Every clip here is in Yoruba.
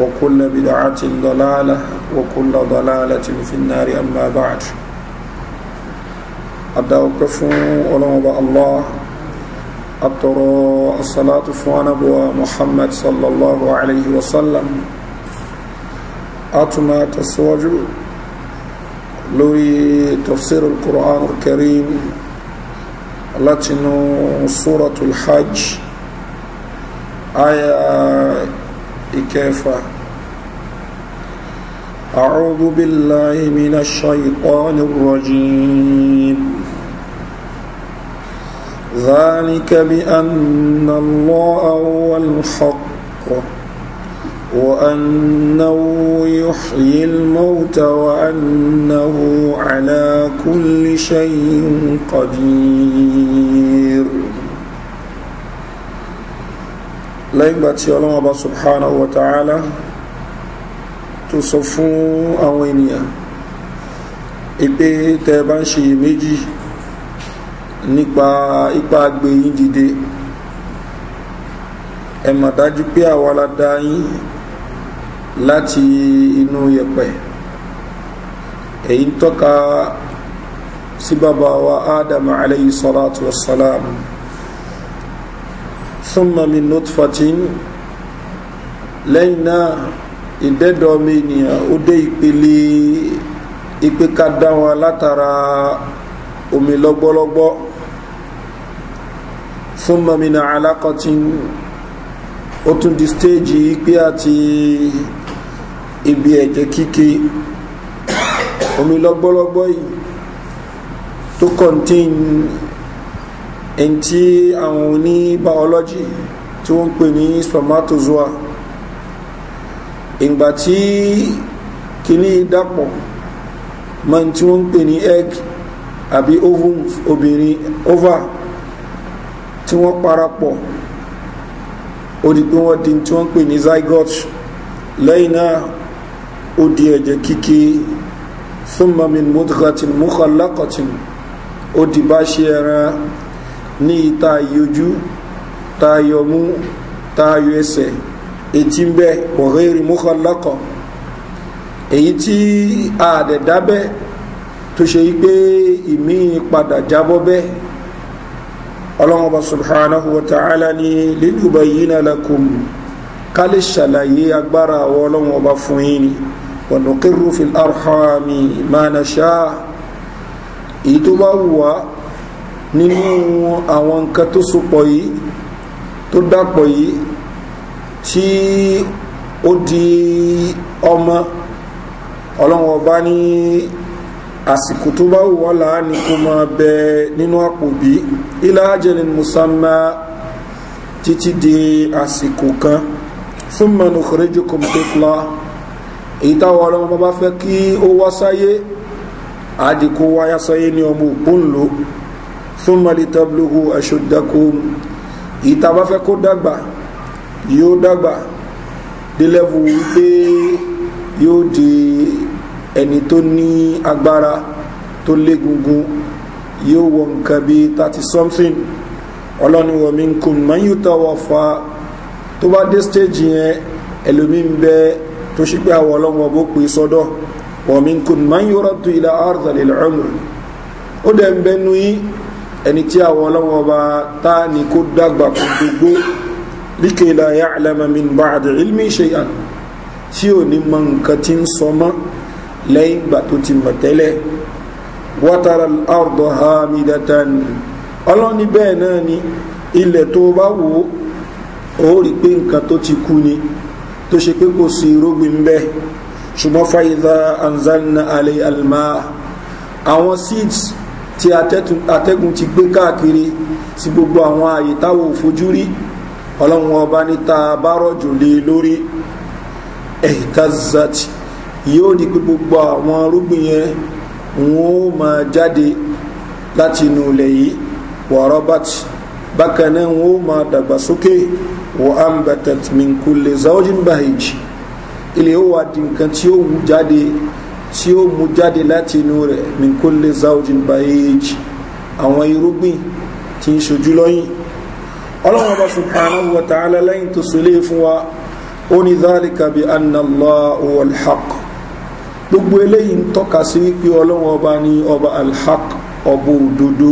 وكل بدعة ضلالة وكل ضلالة في النار أما بعد أدعوكف أولوب الله أطر الصلاة فوانبو محمد صلى الله عليه وسلم أتما تسوج لوي تفسير القرآن الكريم التي سورة الحج آية إكافة أعوذ بالله من الشيطان الرجيم ذلك بأن الله هو الحق وأنه يحيي الموت وأنه على كل شيء قدير lẹ́yìn gbà tí ọlọ́wọ́n bá subhanahu wa ta'ala tó sọ fún àwọn ènìyàn ìpé tẹ bá ń ṣe méjì nípa ipa gbẹ̀yìn dìde ẹ̀mọ̀ dájú pé àwa la yín láti inú yẹ̀pẹ̀ èyí tọ́ka sí bàbá wa ádámù alayhi salatu wasalamu. salam súnmọ́ mi notfatin lẹ́yìn náà ìdẹ́dọ̀ mi ènìyàn ó dé ìpele ipe ká dá wọn látara omi lọ́gbọ́lọ́gbọ́ súnmọ́ mi náà alákọ̀tín ó tún di stéèjì pé àti ibi ẹ̀jẹ̀ kíkì omi lọ́gbọ́lọ́gbọ́ ẹni tí àwọn oní biology tí wọ́n ń pè ní spermatozoa ìgbà tí kìíní dàpọ̀ mọ́ tí wọ́n ń pè ní egg àbí ovum obìnrin ova tí wọ́n parapọ̀ ó di pé wọ́n di tí wọ́n pè ní zygote lẹ́yìn náà ó di ẹ̀jẹ̀ kíkí thumma min mudghatin mukhallaqatin ó di bá ṣe ẹran ní ìta yọjú tayọ mú tayọ ẹsẹ̀ etí ń bẹ wọ̀hẹ́rì mọ́kànlákọ̀ èyí tí ààdẹ̀ dábẹ́ tó ṣe yí pé ìmí padà jábọ́ bẹ́ẹ̀ ọlọ́mọba subhanahu wa ta'ala ni lílùbà yìí náà lakum ká lè ṣàlàyé agbára àwọn ọlọ́mọba fún yín ni wọ̀nà kírúfin arhami mana ṣáà èyí tó bá wù wá nínú àwọn nǹkan tó sopọ̀ yìí tó dàpọ̀ yìí tí ó di ọmọ ọlọ́wọ́ bá ní àsìkò tó bá wù wọ́n ní kó máa bẹ nínú àpò bí musamman títí di àsìkò kan fún mẹ́nu kòrèjì kòmìtìfla èyí táwọn ọlọ́wọ́ bá fẹ́ kí ó wá sáyé àdìkò wáyá ní ọmọ òpónlò thumma litablughu ashuddakum ìtàbá fẹ́ kó dàgbà yóò dàgbà dé lẹ́vù wípé yóò di ẹni tó ní agbára tó légungun yóò wọ nǹkan bí thirty something ọlọ́ni wa minkum man yutawaffa tó bá dé stage yẹn ẹlòmíín bẹ tó ṣí pé àwọn ọlọ́wọ́ bó pè sọ́dọ̀ wa minkum man yuraddu ila ardhil umr ó dẹ̀ ń bẹnu yín ẹni tí àwọn ọlọ́wọ́ ọba tá ni kó dàgbà kó dogbo líkèlà ya alamamin bá àdìrílmí ṣe yà tí ò ní mọ nǹkan tí ń sọ mọ́ lẹ́yìn ìgbà tó ti mọ̀ tẹ́lẹ̀ wátara àrùdọ̀ ha mi dáta ni ọlọ́ni bẹ́ẹ̀ náà ni ilẹ̀ tó bá wò ó rí pé nǹkan tó ti kú ni tó ṣe pé kò sí irógbìn bẹ́ẹ̀ ṣùgbọ́n fàyíza anzalna alẹ́ alma àwọn seeds tí atẹ́gùn ti gbé káàkiri sí gbogbo àwọn ààyè táwọn òfojú rí ọlọ́run ọba níta bárọ̀jù lé e lórí ẹ̀ẹ́tazati yóò ní pé gbogbo àwọn arúgbìn yẹn wọn ó máa jáde láti inú ilẹ̀ yìí wà robert bákan náà wọn ó máa dàgbàsókè wọ ambatat minkulè zaujin bahij ilé ó wà di nǹkan tí ó wù jáde tí ó mú jáde láti inú rẹ̀ minkole zaujin bayej àwọn irúgbìn tí ń ṣojú lọ́yìn ọlọ́run ọba subhanahu wa ta'ala lẹ́yìn tó sọlé fún wa ó ní dhalika bi anna allah wal gbogbo eléyìí ń tọ́ka sí wípé ọlọ́run ọba ní ọba alhaq ọba òdodo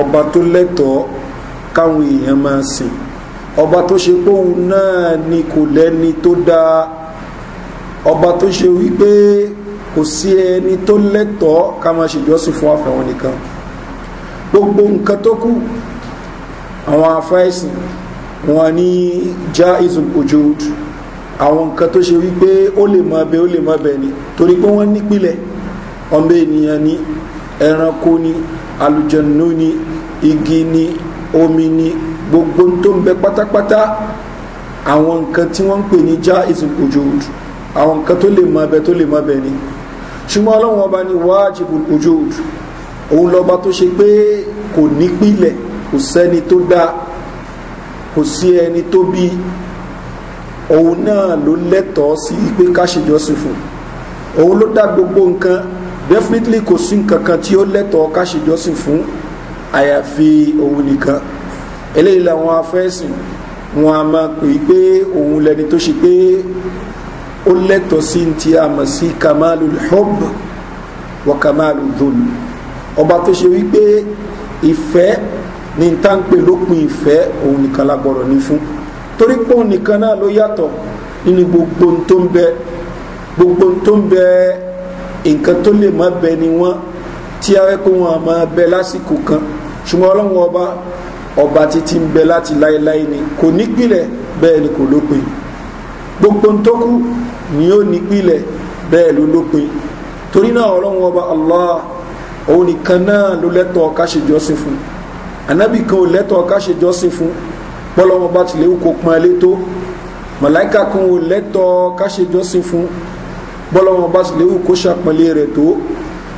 ọba tó lẹ́tọ̀ọ́ káwọn èèyàn máa sìn ọba tó ṣe póun náà ni kò lẹ́ni tó dáa ọba tó ṣe wípé kò sí ẹni tó lẹ́tọ̀ọ́ ká máa ṣèjọ́sìn fún àfẹ́wọn nìkan gbogbo nǹkan tó kù àwọn afẹ́sìn wọn ní já ìzùn òjò àwọn nǹkan tó ṣe wípé ó lè mọ bẹ ó lè mọ bẹ ni torí pé wọ́n nípìnlẹ̀ ọmọ ènìyàn ni ẹranko ni alùjẹ̀nù ni igi ni omi ni gbogbo tó ń bẹ pátápátá àwọn nǹkan tí wọ́n ń pè ní já ìzùn òjò àwọn nǹkan tó lè mọ abẹ tó lè mọ abẹ ni ṣùgbọ́n ọlọ́run ọba ni wájibul ujud òun lọ́ba tó ṣe pé kò ní pìlẹ̀ kò sẹ́ni tó dá kò sí ẹni tó bí òun náà ló lẹ́tọ̀ọ́ sí pé ká ṣèjọ́sìn fún òun ló dá gbogbo nǹkan definitely kò sí nǹkan kan tí ó lẹ́tọ̀ọ́ ká ṣèjọ́sìn fún àyàfi òun nìkan eléyìí làwọn afẹ́sìn wọn a máa pè é pé òun lẹni tó ṣe pé ó lẹ́tọ̀ sí ti a mọ̀ sí kamalu hub wa kamalu dhul ọba tó ṣe wípé ìfẹ́ ní ta ń pè lópin ìfẹ́ òun nìkan lágbọ̀rọ̀ ní fún torí pé òun nìkan náà ló yàtọ̀ nínú gbogbo tó ń bẹ gbogbo tó ń bẹ nǹkan tó lè má bẹ ni wọ́n tí a rẹ́ pé wọ́n á máa bẹ lásìkò kan ṣùgbọ́n ọlọ́run ọba ọba títí ń bẹ láti láéláé ni kò nípìnlẹ̀ bẹ́ẹ̀ ni kò lópin gbogbo tó kú ni ó ní pílẹ̀ bẹ́ẹ̀ ló lópin torí náà ọlọ́run ọba allah òun nìkan náà ló lẹ́tọ̀ọ́ ká ṣe jọ́sìn fún anábì kan ò lẹ́tọ̀ọ́ ká ṣe jọ́sìn fún bọ́lọ́wọ́n bá tilẹ̀ kó pọn ẹlé tó mọ̀láìka kan ò lẹ́tọ̀ọ́ ká ṣe jọ́sìn fún bọ́lọ́wọ́n bá tilẹ̀ kó ṣàpọ̀lé rẹ̀ tó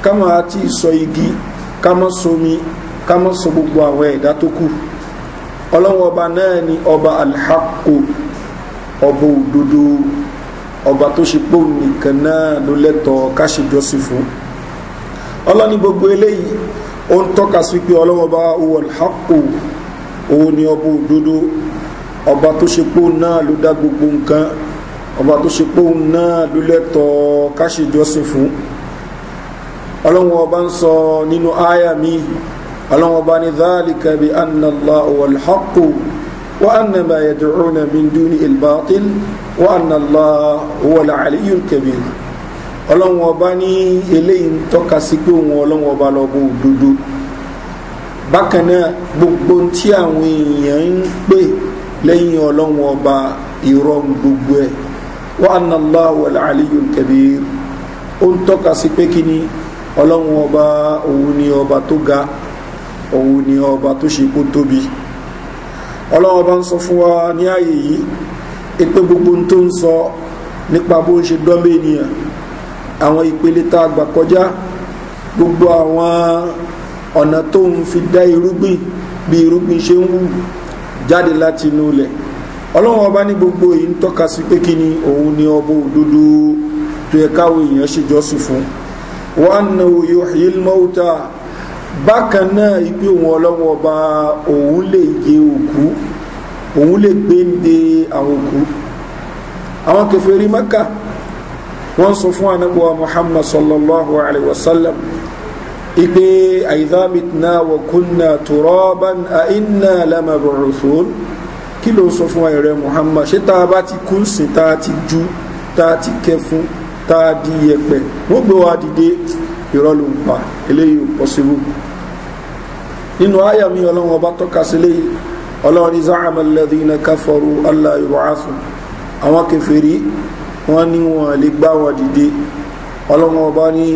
ká máa ti sọ igi ká mọ́ somi ká mọ́ sọ gbogbo àwọn ẹ̀dá tó kù ọlọ́run ọba náà ni ọba alhaqo ọba òdodo ọba tó ṣe pò nìkan náà ló lẹ́tọ̀ọ́ káṣíjọ́sí fún ọlọ́ni gbogbo eléyìí ó ń tọ́ka sí pé ọlọ́wọ́ bá wọ̀ lápò òun ni ọba òdodo ọba tó ṣe pò náà ló dá gbogbo nǹkan ọba tó ṣe pò náà ló lẹ́tọ̀ọ́ káṣíjọ́sí fún ọlọ́wọ́ ọba ń sọ nínú áyà mi ọlọ́wọ́ ní dáàlì kẹbi annalá wọ̀ lápò وأن ما يدعون من دون الباطل وأن الله هو العلي الكبير ọlọ́run ọba ní eléyìí ń tọ́ka sí pé òun ọlọ́run ọba lọ́gbọ́n òdodo bákan náà gbogbo tí àwọn èèyàn ń pè lẹ́yìn ọlọ́run ọba ìrọ̀ gbogbo ẹ̀ wà á nàlá wàlá àlíyùn kẹbí ó ń tọ́ka sí pé kí ni ọba òun ni ọba tó ga òun ni ọba tó ṣe kó tóbi ọlọ́wọ́ bá ń sọ fún wa ní ààyè yìí ìpé gbogbo tó ń sọ nípa bó ń ṣe dọ́mẹ́ ènìyàn àwọn ìpele tá a gbà kọjá gbogbo àwọn ọ̀nà tó ń fi dá irúgbìn bí irúgbìn ṣe ń wù jáde láti inú ilẹ̀ ọlọ́wọ́ bá ní gbogbo yìí ń tọ́ka sí pé kí ni òun ni ọbọ̀ òdodo tó yẹ káwọ èèyàn ṣèjọ́sìn fún wọn náà yóò yí mọ́ta bákan náà ipe òun ọlọ́wọ́ ọba òun lè yẹ òkú òun lè gbéǹde àwọn òkú àwọn kẹfẹ́rí mẹ́ka wọ́n sọ fún anábọ̀wá muhammad sallallahu alayhi wa sallam ipe àìdámitná wa tùrọ́bán àìnà lámàbọ̀rọ̀sọ́n kí ló sọ fún ẹ̀rẹ́ muhammad ṣé tá a bá ti kú sí tá a ti ju tá a ti kẹ fún tá a di yẹpẹ wọ́n gbé wa dìde ìrọ́lù ń pa eléyìí possible nínú àyà mi ọlọ́run ọba tọ́ka sílé ọlọ́run ní záàmà lẹ́dínà káfọ́rù aláìwáàfù àwọn kẹfẹ́rí wọ́n ní wọ́n lè gbá wọn dìde ọlọ́run ọba ní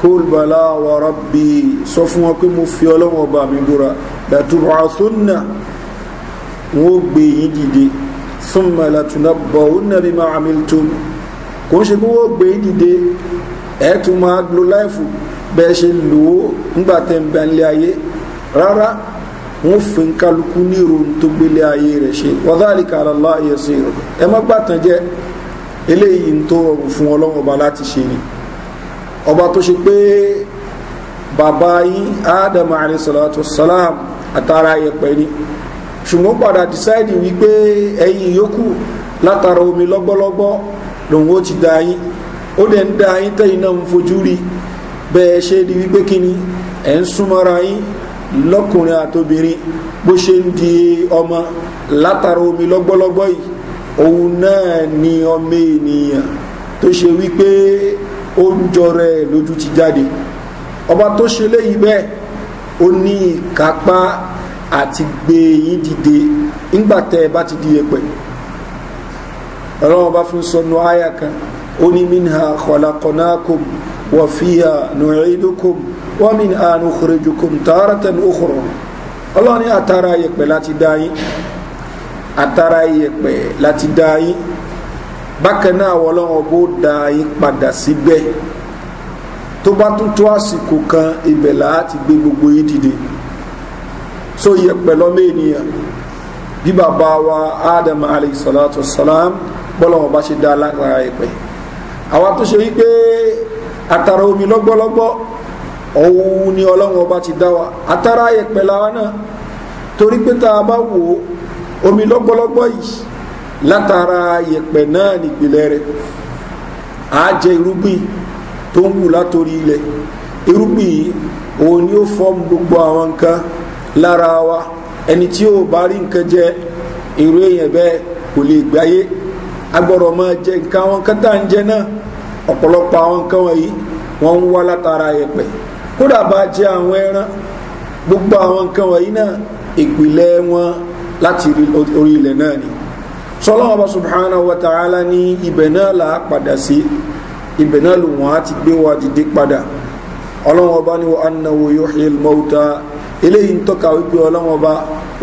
kólbàlá wàrà bí sọ fún wọn pé mo fi ọlọ́run ọba mi búra dàtúrọ̀ àtúnà wọ́n ó gbé yín dìde súnmọ́ látúnà bọ̀ nàbí máa kò ń ṣe pé wọ́n ó gbé yín dìde ẹ̀ẹ́tù máa lo láìfù bẹ́ẹ̀ ṣe lò ó ńgbà tẹ̀ ń bẹ́ńlẹ̀ ayé rárá wọ́n fi ń kálukú ní ìròyìn tó gbélé ayé rẹ̀ ṣe wọ́dálìkà àlàlá ìyẹ̀sí rẹ̀ ẹ má gbàtàn jẹ́ eléyìí ń tó rọrùn fún ọlọ́run ọba láti ṣe ni ọba tó ṣe pé bàbá yín adam alayhisalatu salam àtàrà ayẹpẹ ni ṣùgbọ́n padà decide wípé ẹ̀yìn yòókù látara omi lọ́gbọ́lọ́gbọ́ lòun ó ti da yín ó dẹ̀ ń da yín tẹ́yìn náà ń fojú rí bẹ́ẹ̀ ṣe di wípé kíni ẹ̀ ń súnmọ́ra yín lọ́kùnrin àtobìnrin bó ṣe ń di ọmọ látara omi lọ́gbọ́lọ́gbọ́ yìí òun náà ni ọmọ ènìyàn tó ṣe wípé oúnjọ rẹ̀ lójú ti jáde ọba tó ṣe léyìí bẹ́ẹ̀ ó ní ìkápá àti gbé yín dìde ńgbàtẹ́ ẹ bá ti di yẹpẹ̀ ọlọ́run bá fún sọnù àyà kan ó ní minha kọ̀lákọ̀nákùm wọ̀fíà nùrẹ́dókùm wọ́n mi ní àánú kòrèjùkùn tààràtàn òkúrò ọlọ́run ní àtàrà yẹ̀pẹ̀ láti dá yín àtàrà yẹ̀pẹ̀ láti dá yín bákan náà ọlọ́run bó dá yín padà síbẹ̀ tó bá tún tó àsìkò kan ibẹ̀ láti gbé gbogbo yín dìde so yẹ̀pẹ̀ lọ́mọ ènìyàn bí bàbá wa adam alayhi salatu salam bọ́lọ́wọ́ bá ṣe dá lára yẹ̀pẹ̀ àwa tó ṣe wípé àtàrà omi lọ́gbọ́lọ́gbọ́ òun ni ọlọ́run ọba ti dá wa àtàrà ayẹ̀pẹ̀ lára náà torí pé tá a bá wò ó omi lọ́gbọ́lọ́gbọ́ yìí látara ayẹ̀pẹ̀ náà nìpìlẹ̀ rẹ̀ á jẹ irúgbìn tó ń wù látòrí ilẹ̀ irúgbìn yìí òun ni ó fọ́ọ̀mù gbogbo àwọn nǹkan lára wa ẹni tí ó bá rí nǹkan jẹ irú èèyàn bẹ́ẹ̀ kò lè gbáyé agbọ́dọ̀ máa jẹ nǹkan àwọn nǹkan tá à ń jẹ náà ọ̀pọ̀lọpọ̀ àwọn nǹkan wọ̀nyí wọ́n ń wá látara ayẹ̀pẹ̀ kódà bá jẹ àwọn ẹran gbogbo àwọn nǹkan wọ̀nyí náà ìpìlẹ̀ wọn láti orí ilẹ̀ náà ni sọlọ́wọ́n bá subhanahu wa ta'ala ní ibẹ̀ náà là á padà sí ibẹ̀ náà lò wọ́n á ti gbé wa dìde padà ọlọ́wọ́n bá ní anáwó yóò ṣe mọ́ta eléyìí ń tọ́ka wípé ọlọ́wọ́n bá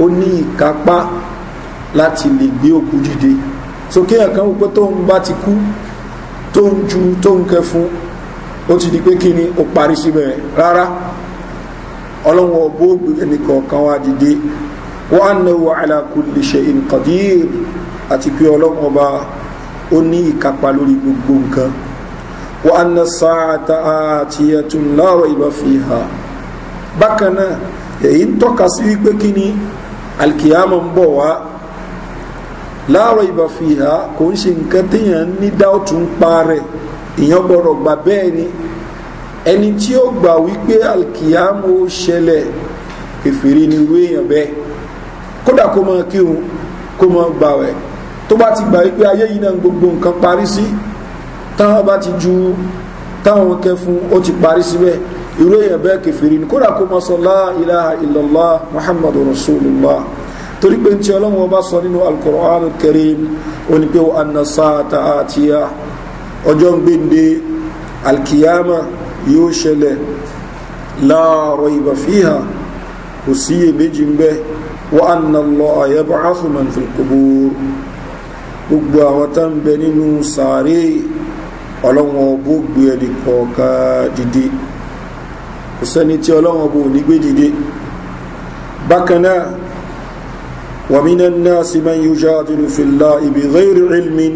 ó ní ìkápá láti lè gbé òkú dìde sókè ẹ̀kan wípé tóun bá ti kú tóun ju tóun kẹ fún ó ti di pé kí ni ó parí síbẹ̀ rárá ọlọ́wọ́ bóògbé ẹnìkọ̀ọ̀kan wá dìde wọ́n á náwó alákùnlé ṣe nǹkan àti pé ọlọ́wọ́ bá ó ní ìkápá lórí gbogbo nǹkan wọ́n á ná sáàtà àti ẹ̀tún láàrọ̀ ìbá fi hà bákan náà èyí ń tọ́ka sí wípé kí ni alkiyama ń bọ̀ wá láàrọ̀ ìbá fi hà kò ń ṣe nǹkan téèyàn ní dáòtú pa rẹ̀ èèyàn gbọ́dọ̀ gbà bẹ́ẹ̀ ni ẹni tí ó gbà wípé alkiyamu ó ṣẹlẹ̀ kẹfìrí ni irú èèyàn bẹ́ẹ̀ kódà kó mọ kírun kó mọ gbà wẹ̀ tó bá ti gbà wípé ayé yìí náà gbogbo nǹkan parí sí táwọn bá ti ju táwọn kẹ fún ó ti parí síbẹ̀ irú èèyàn bẹ́ẹ̀ kẹfìrí ni kódà kó mọ sọ láà ilaha muhammadu rasulillah torí pé tí ọlọ́run ọba sọ nínú alukọ̀rọ̀ alukẹrin ó ní pé wọn anasa ta àtìyà ọjọ́ gbéǹde alkiyama yóò ṣẹlẹ̀ láàrọ̀ ìbàfíhà kò sí èméjì ń bẹ́ wọ́n á nà lọ àyẹ́bọ̀ áfùmọ̀ fìlkùbùrù gbogbo àwọn tá ń bẹ nínú sàárè ọlọ́wọ́n bó gbé ẹni kọ̀ọ̀ká dìde kò sẹ́ni tí ọlọ́wọ́n bó ní gbé dìde bákanáà wàmínà náà sí máa ń yóò jáde ìbí rẹ́rì ilmin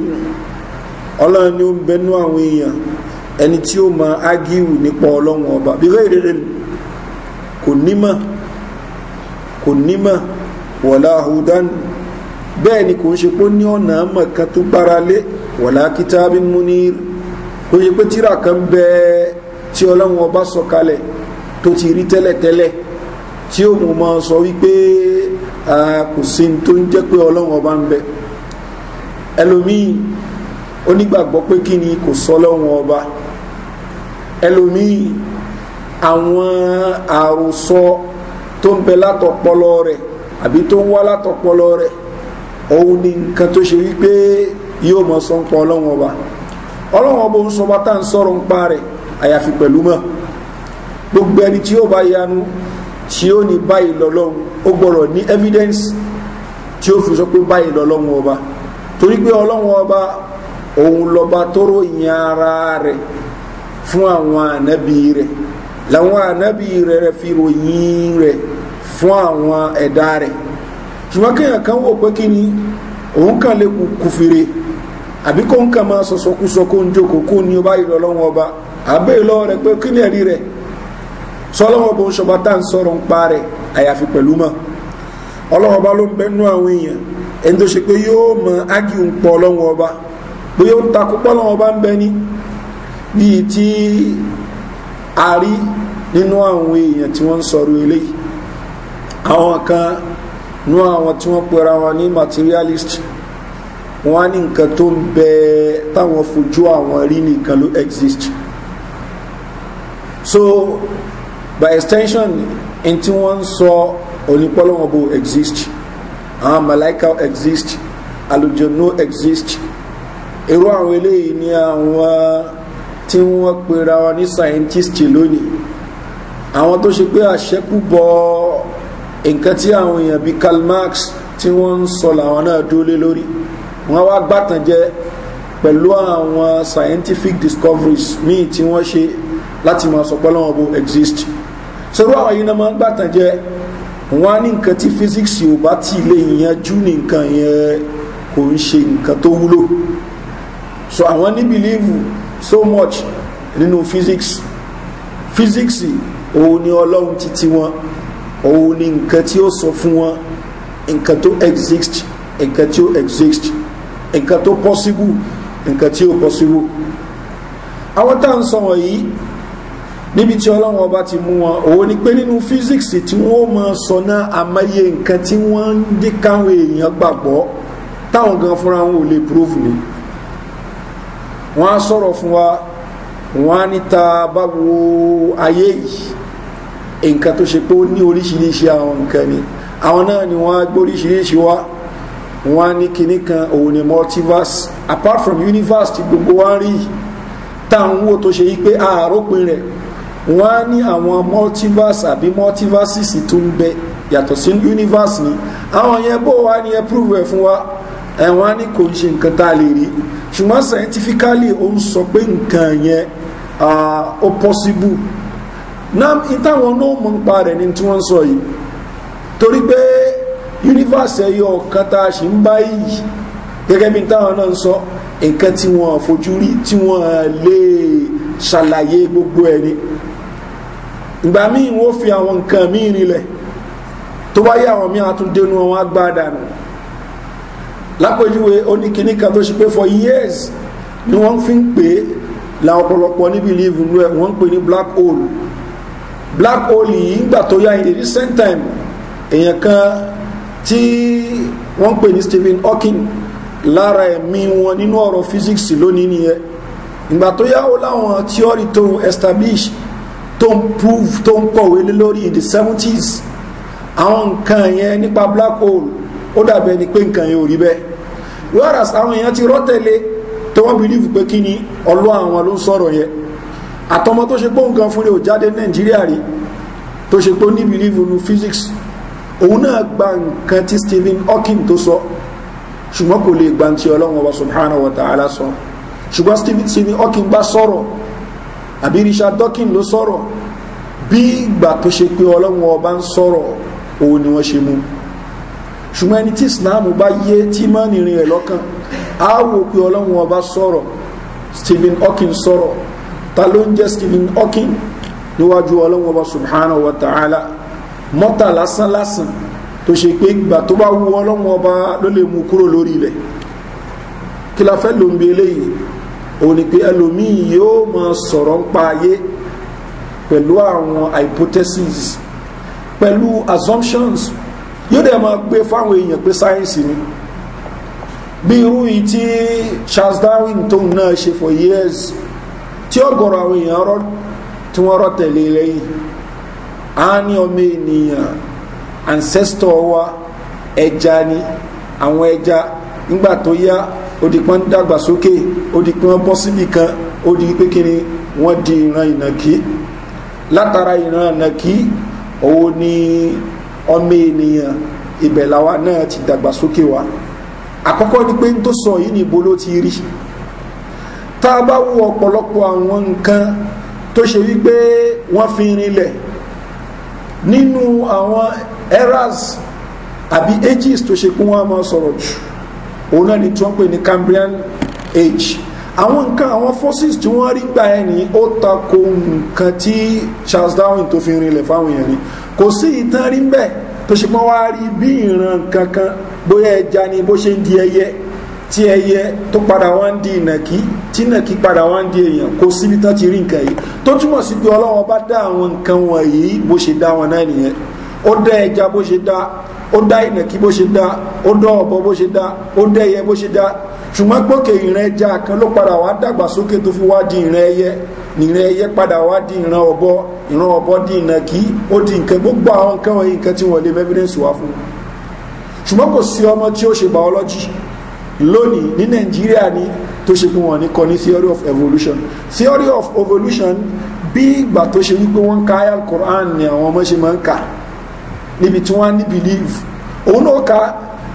ọlọ́run ni ó ń bẹnú àwọn èèyàn ẹni tí ó máa ágíwù nípa ọlọ́run ọba bí rẹ́rẹ́ rẹ̀ kò nímọ̀ kò nímọ̀ wọ̀lá hudan bẹ́ẹ̀ ni kò ń ṣe pé ní ọ̀nà àmọ̀ kan tó gbára wọ̀lá kìtàbí munir kò ṣe pé tíra kan bẹ tí ọlọ́run ọba sọ kalẹ̀ tó ti rí tẹ́lẹ̀tẹ́lẹ̀ tí ó mọ̀ mọ́ sọ wípé kò sí tó ń jẹ́ pé ọlọ́run ọba ń bẹ ẹlòmíì onígbàgbọ́ pé kí ni kò sọ lọ́wọ́n ọba ẹlòmíì àwọn àròsọ tó ń bẹ látọpọlọ rẹ̀ àbí tó ń wá látọpọlọ rẹ̀ òun ni nǹkan tó ṣe wípé yóò mọ sọ ń pa ọlọ́wọ́n ọba ọlọ́wọ́n ọba ń sọ bá tá à ń sọ̀rọ̀ ń pa rẹ̀ àyàfi pẹ̀lú mọ́ gbogbo ẹni tí ó bá yanu tí ó ní báyìí lọ́lọ́run ó gbọ́dọ̀ ní evidence tí ó fi sọ pé báyìí lọ́lọ́run ọba torí pé ọlọ́run ọba òun lọba tó ròyìn ara rẹ fún àwọn ànábì rẹ̀ làwọn ànábì rẹ̀ fi ròyìn rẹ fún àwọn ẹ̀dá rẹ ṣùgbọ́n kéèyàn kan wò pé kí òun kàn lè kùfìrè àbí kó ń kàn máa ọba ọba àbẹ́ ìlọ́wọ́ pé ni ẹ̀rí rẹ̀ sọlọ́wọ́ bó ń ṣọba tá ń sọ̀rọ̀ ń pa rẹ àyàfi pẹ̀lú mọ́ ọlọ́wọ́ bóyá ó takú pọ́lọ́ wọn bá ń bẹ ní bíi tí a rí nínú àwọn èèyàn tí wọ́n ń sọ̀rọ̀ eléyìí àwọn kan nú àwọn tí wọ́n pera wọn ní materialist wọ́n á ní nǹkan tó ń bẹ táwọn fojú àwọn rí nìkan ló exist so by extension n tí wọ́n ń sọ onípọ́lọ́wọ́n bó exist àwọn malaika exist alùjọ no exist irú àwọn eléyìí ni àwọn tí wọ́n pera wọn ní scientist lónìí àwọn tó ṣe pé àṣẹkùbọ nǹkan tí àwọn èèyàn bíi karl marx tí wọ́n ń sọ làwọn náà dólé lórí wọ́n wá gbàtàn jẹ pẹ̀lú àwọn scientific discoveries míì tí wọ́n ṣe láti máa sọ pé lọ́wọ́ bó exist sọ́rọ́ àwọn yìí náà máa ń gbàtàn jẹ wọ́n á ní nǹkan tí physics ò bá ti lè yanjú ní nǹkan yẹn kò ń ṣe nǹkan tó wúlò so àwọn ní believe so much nínú physics physics òun ni ọlọ́run títí wọn òun ni nǹkan tí ó sọ fún wọn nǹkan tó exist nǹkan tí ó exist nǹkan tó possible nǹkan tí ó possible àwọn tá à ń sọ wọ̀nyí níbi tí ọlọ́run ọba ti mú wọn òun ni pé nínú physics tí wọ́n mọ sọ náà àmọye nǹkan tí wọ́n ń dí káwọn èèyàn gbàgbọ́ táwọn gan fúnra wọn ò lè prove ni wọ́n á sọ̀rọ̀ fún wa wọ́n á ní ta bá wo ayé yìí nǹkan tó ṣe pé ó ní oríṣiríṣi àwọn nǹkan ni àwọn náà ni wọ́n á gbé oríṣiríṣi wá kinní kan òun ni multiverse apart from universe ti gbogbo wa rí táwọn wo tó ṣe yí pé àárọ̀pin rẹ̀ wọ́n á àwọn multiverse àbí multiverses tó ń bẹ yàtọ̀ sí universe ni àwọn yẹn bó wa ni ẹ prove ẹ̀ fún wa ẹ̀wọ̀n á ní kò ń ṣe nǹkan tá a lè rí ṣùgbọ́n scientifically ó ń sọ pé nǹkan yẹn ó possible náà ìtàwọn náà mọ̀ ń pa rẹ̀ ní tí wọ́n ń sọ yìí torí pé universe ẹ̀yọ ọ̀kan tá a ṣì ń bá yìí gẹ́gẹ́ bí táwọn náà ń sọ nǹkan tí wọ́n fojú rí tí wọ́n lè ṣàlàyé gbogbo ẹ̀ ni ìgbà míì wọ́n fi àwọn nǹkan míì rinlẹ̀ tó bá yẹ àwọn míì àtúndénú wọn á gbá lápèjúwe oníkíní kan tó ṣe pé for years ni wọ́n fi ń pè é la ọ̀pọ̀lọpọ̀ níbi ìlú ẹ̀ wọ́n ń pè ní black hole black hole yìí ńgbà tó yá in the recent time èèyàn kan tí wọ́n ń pè ní stephen hawking lára ẹ̀mí wọn nínú ọ̀rọ̀ physics lónìí nìyẹn ìgbà tó yá ó láwọn theory tó establish tó ń prove tó ń kọ̀wé lórí in the 70s àwọn nǹkan yẹn nípa black hole ó dàbẹ̀ ni pé nǹkan yẹn ò rí bẹ́ẹ̀ whereas àwọn èèyàn ti rọ́tẹ̀lé tí wọ́n bìlífù pé kí ni ọlọ́ àwọn ló ń sọ̀rọ̀ yẹn àtọmọ tó ṣe pé nǹkan fúnlẹ̀ ò jáde nàìjíríà rí tó ṣe pé ó ní bìlífù nu physics òun náà gba nǹkan tí stephen hawking tó sọ ṣùgbọ́n kò lè gba ti ọlọ́run ọba subhanahu wa ta'ala sọ ṣùgbọ́n stephen hawking bá sọ̀rọ̀ àbí richard dawkins ló sọ̀rọ̀ bí ìgbà tó ṣe pé ọlọ́run ọba ń sọ̀rọ̀ òun ni wọ́n ṣe mú un ṣùgbọ́n ẹni tí islam bá yé tí máa nìrin rẹ̀ lọ́kàn á wò pé ọlọ́run ọba sọ̀rọ̀ stephen hawking sọ̀rọ̀ ta ló ń jẹ́ stephen hawking níwájú ọlọ́run ọba subhanahu wa ta'ala mọ́tà lásán lásán tó ṣe pé ìgbà tó bá wú ọlọ́run ọba ló lè mú kúrò lórí ilẹ̀ kí la fẹ́ ló ń eléyìí òun ni pé ẹlòmíì yóò máa sọ̀rọ̀ ń pa ayé pẹ̀lú àwọn hypotheses pẹ̀lú assumptions yóò dẹ̀ máa gbé fáwọn èèyàn pé sáyẹ́nsì ni bí irú yìí tí charles darwin tó náà ṣe for years tí ọgọ̀rọ̀ àwọn èèyàn rọ tí wọ́n rọ tẹ̀lé e lẹ́yìn a ní ọmọ ènìyàn ancestor wa ẹja ni àwọn ẹja nígbà tó yá odìpọn dàgbà sókè odìpọn bọ́ síbì kan ó di wọ́n di ìran ìnàkí látara ìran ìnàkí òun ni ọmọ ènìyàn ibẹ̀ làwa náà ti dàgbàsókè wa àkọ́kọ́ ni pé ń tó sọ yìí níbo ló ti rí tá a bá wo ọ̀pọ̀lọpọ̀ àwọn nǹkan tó ṣe wípé wọ́n fi rinlẹ̀ nínú àwọn eras àbí ages tó ṣe kún wọn máa sọ̀rọ̀ jù òun náà ni tí wọ́n pè ní cambrian age àwọn nǹkan àwọn forces tí wọ́n rí gbà ẹ̀ ní ó takò nǹkan tí charles darwin tó fi rinlẹ̀ fáwọn èèyàn ni kò sí ìtàn rí bẹ́ẹ̀ tó ṣe mọ́ wá rí bí ìran kankan bóyá ẹja ni bó ṣe ń di ẹyẹ tí ẹyẹ tó padà wá ń di ìnàkí tí ìnàkí padà wá ń di èèyàn kò síbi tán ti rí nǹkan yìí tó túmọ̀ sí pé ọlọ́wọ́n bá dá àwọn nǹkan wọ̀nyí bó ṣe dá wọn náà nìyẹn ó dá ẹja bó ṣe dá ó dá ìnàkí bó ṣe dá ó dá ọ̀bọ bó ṣe dá ó dá ẹyẹ bó ṣe dá ṣùgbọ́n gbókè ìran ẹja kan ló padà wá dàgbàsókè tó fi wá di ìran ẹyẹ nìran ẹyẹ padà wá di ìran ọ̀bọ ìran ọ̀bọ di ìnàkí ó di nǹkan gbogbo àwọn nǹkan wọ̀nyí nǹkan tí wọ́n lè mẹ́fídẹ́ǹsì wá fún ṣùgbọ́n kò sí ọmọ tí ó ṣe biology lónìí ní nàìjíríà ní tó ṣe pé wọ́n ní kọ ní theory of evolution theory of evolution bí ìgbà tó ṣe wípé wọ́n ń ka ayal quran ni àwọn ọmọ ṣe máa ń kà níbi tí wọ́n á ní believe òun náà ka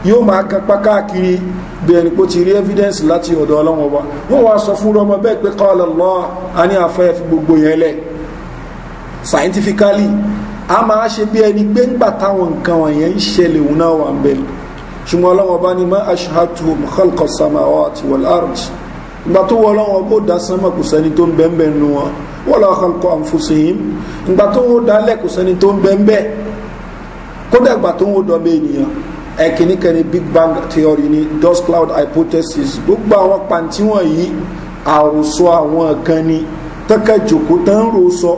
yóò máa kan pa káàkiri bí ẹni kó ti rí evidence láti ọ̀dọ̀ ọlọ́wọ́ wa wọ́n wá sọ fún ọmọ bẹ́ẹ̀ pé kọ́ọ̀lọ̀ lọ a ní afẹ́ fi gbogbo yẹn lẹ̀ scientifically a máa ṣe bí ẹni pé ńgbà táwọn nǹkan wọ̀nyẹn ń ṣẹlẹ̀ òun náà wà ń bẹ̀ ṣùgbọ́n ọlọ́wọ́ bá ní má aṣáàtú mọ̀kànlọ́kọ̀ samáwá àti wọ́n lárùn ìgbà tó wọ ọlọ́wọ́ bó dá sánmà kò sẹ́ni tó ń bẹ́ẹ̀ nu wọn wọ́n lọ́ kọ́ àǹfọ̀sìn ìgbà tó wọ́n dálẹ̀ kò sẹ́ni tó ń bẹ́ẹ̀ kódà ìgbà tó wọ́n dọ̀ bẹ́ẹ̀ nìyàn ẹ̀kíní kan ní big bang theory ni dust cloud hypothesis gbogbo àwọn pàǹtí wọ̀nyí àròsọ àwọn kan ní tẹ́kẹ̀ jòkó tán ń ro sọ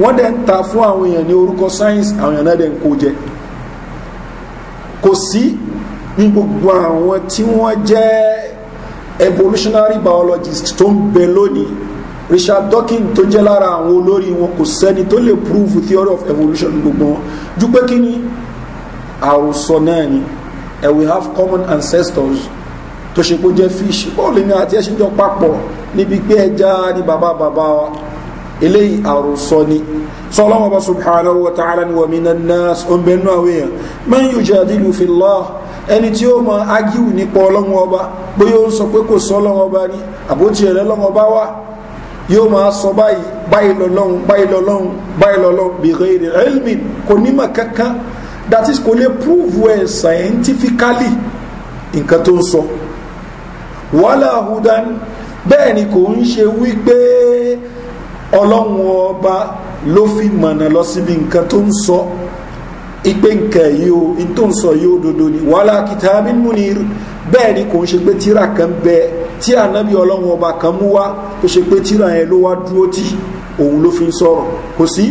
wọ́n dẹ̀ ń ta fún àwọn èèyàn ní orúkọ science àwọn èèyàn náà dẹ̀ ń kó jẹ kò sí ní gbogbo àwọn tí wọ́n jẹ́ evolutionary biologist tó ń bẹ lónìí richard dawkins tó jẹ́ lára àwọn olórí wọn kò sẹ́ni tó lè prove theory of evolution gbogbo wọn ju pé kí ni àròsọ náà ni and we have common ancestors tó ṣe kó jẹ́ fish bọ́ọ̀lù ni àti ẹṣin jọ papọ̀ níbi pé ẹja ní bàbá bàbá wa eléyìí àròsọ ni sọlọ́wọ́ bá subhanahu wa ta'ala ni wàmí na nas ọmọbìnrin àwọn Man mẹ́yìn yóò jẹ́ àdìlú fi lọ́ ẹni tí ó mọ agíwù nípa ọlọ́wọ́ ọba bóyá ó ń sọ pé kò sọ ọlọ́wọ́ ọba ni àbótí ẹ̀rẹ́ lọ́wọ́ ọba wa yóò máa sọ báyìí báyìí lọ́lọ́run báyìí lọ́lọ́run báyìí lọ́lọ́run bìrẹ́ ìrẹ́ ẹ̀lmì kò nímọ̀ kankan that is kò lè prove ẹ̀ scientifically nǹkan tó ń sọ wàhálà hudan bẹ́ẹ̀ ni kò ń ṣe wípé ọlọ́run ọba ló fi mọ̀nà lọ síbi nǹkan tó ń sọ ipe nǹkan yìí o in tó ń sọ yìí ó dodo ni wàhálà kìtàbín múnir bẹ́ẹ̀ ni kò ń ṣe pé tíra kan bẹ tí ànábì ọlọ́run ọba kan mú wá tó ṣe pé tíra yẹn ló wá dúró tí òun ló fi ń sọ̀rọ̀ kò sí